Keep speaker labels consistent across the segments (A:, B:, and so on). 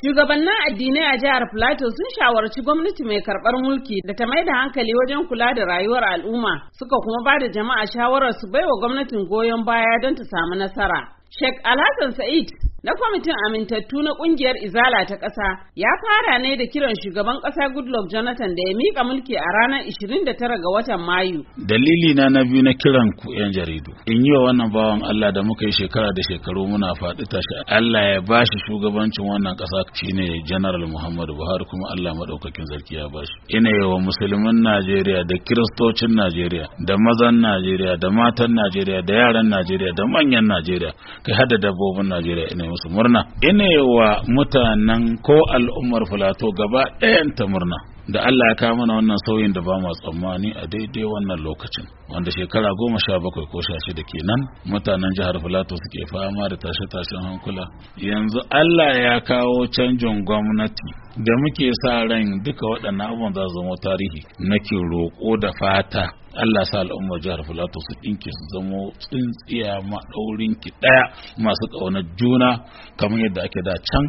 A: Shugabannin addinai a jihar Plateau sun shawarci gwamnati mai karɓar mulki da ta mai da hankali wajen kula da rayuwar al'umma suka kuma ba da jama'a shawarar su baiwa gwamnatin goyon baya don ta samu nasara. Sheikh Alhassan Sa'id na kwamitin amintattu na kungiyar izala ta ƙasa ya fara ne da kiran shugaban ƙasa goodluck jonathan da ya miƙa mulki a ranar 29 ga watan mayu
B: dalili na na biyu na kiran ku yan jaridu in yi wa wannan bawan allah da muka yi shekara da shekaru muna faɗi tashi allah ya ba shi shugabancin wannan ƙasa shine general muhammadu buhari kuma allah maɗaukakin sarki ya ba shi ina yi wa musulmin najeriya da kiristocin najeriya da mazan najeriya da matan najeriya da yaran najeriya da manyan najeriya kai hada dabbobin najeriya ina musu murna ina wa mutanen ko al'ummar Fulato gaba ta murna da Allah ya kawo mana wannan sauyin da ba mu tsammani a daidai wannan lokacin wanda shekara goma sha bakwai ko sha shida kenan mutanen jihar filato suke fama da tashe-tashen hankula yanzu Allah ya kawo canjin gwamnati da muke sa ran duka waɗannan abubuwan za su zama tarihi nake roƙo da fata Allah sa al'ummar jihar Filato su ɗinke su zamo tsintsiya maɗaurin ki ɗaya masu ƙaunar juna kamar yadda ake da can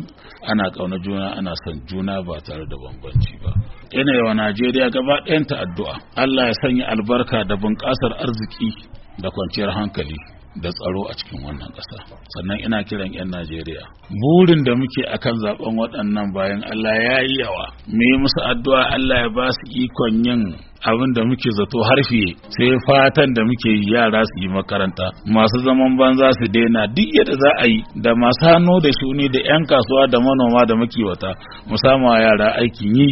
B: ana ƙaunar juna ana son juna ba tare da bambanci ba. Ina yawa Najeriya gaba ta addu'a. Allah ya sanya albarka da bunƙasar arziki da kwanciyar hankali. da tsaro a cikin wannan ƙasa sannan ina kiran 'yan najeriya burin da muke akan zaben waɗannan bayan allah ya yi yawa mu yi musu addu'a allah ya ba su ikon yin abin da muke zato harfi sai fatan da muke yi yara su yi makaranta masu zaman banza su daina duk yadda za a yi da masu hannu da shuni da 'yan kasuwa da manoma da makiwata musamman yara aikin yi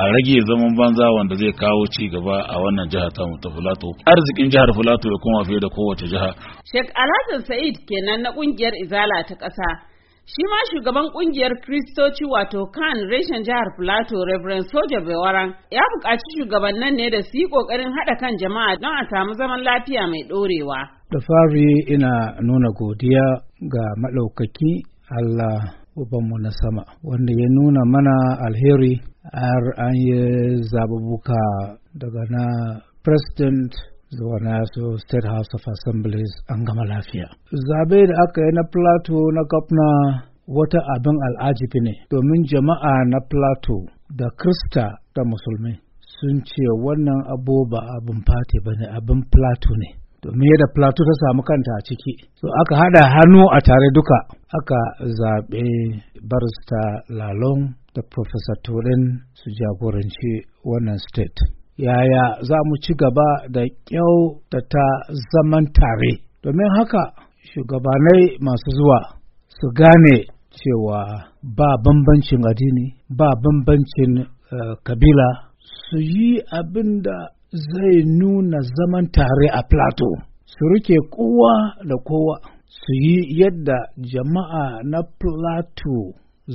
B: a rage zaman banza wanda zai kawo ci gaba a wannan jihar ta mutu fulato arzikin jihar fulato ya kuma fiye da kowace jiha
A: Sheikh Alhassan Sa'id kenan na kungiyar Izala ta ƙasa Shi ma shugaban kungiyar Kristoci wato kan reshen jihar Plateau Reverend Soja Bewaran ya buƙaci shugabannin ne da su yi ƙoƙarin haɗa kan jama'a don a samu zaman lafiya mai ɗorewa.
C: Da fari ina nuna godiya ga maɗaukaki Allah Ubanmu na sama wanda ya nuna mana alheri har an yi zababuka daga na President zuwa nasu state house of assemblies an gama lafiya zabe da aka yi na plateau na gwamna wata abin al'ajibi ne domin jama'a na plateau da krista da musulmi sun ce wannan abu ba abin fati ba ne abin plateau ne domin yadda plateau ta samu kanta a ciki so aka haɗa hannu a tare duka aka zaɓe barista lalong da professor turin su jagoranci wannan state yaya za mu ci gaba da kyau da ta zaman tare domin haka shugabanai masu zuwa su gane cewa ba bambancin addini ba bambancin uh, kabila su yi abin da zai nuna zaman tare a plato su rike kowa da kowa su yi yadda jama'a na plato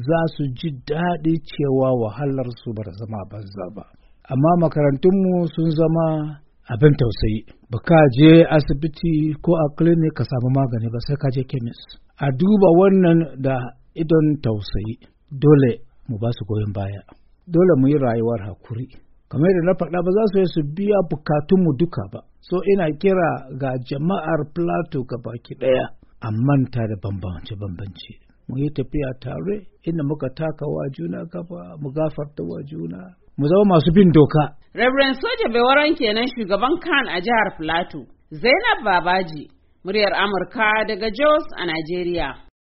C: za su ji daɗi cewa wahalar su bar zama banza ba. amma makarantunmu sun zama abin tausayi ba ka je asibiti ko a clinic ka samu magani ba sai ka je chemist a duba wannan da idon tausayi dole mu ba su goyon baya dole mu yi rayuwar hakuri kamar yadda na faɗa ba za su yi su biya bukatunmu duka ba so ina kira ga jama'ar plato ga baki ɗaya a manta da bambance-bambance mu yi tafiya tare inda muka takawa juna gaba mu gafarta wa juna mu zama masu bin doka.
A: Reverend Soja Bewaran kenan shugaban Kan a jihar Filato, Zainab Babaji, muryar Amurka daga Jos a Najeriya.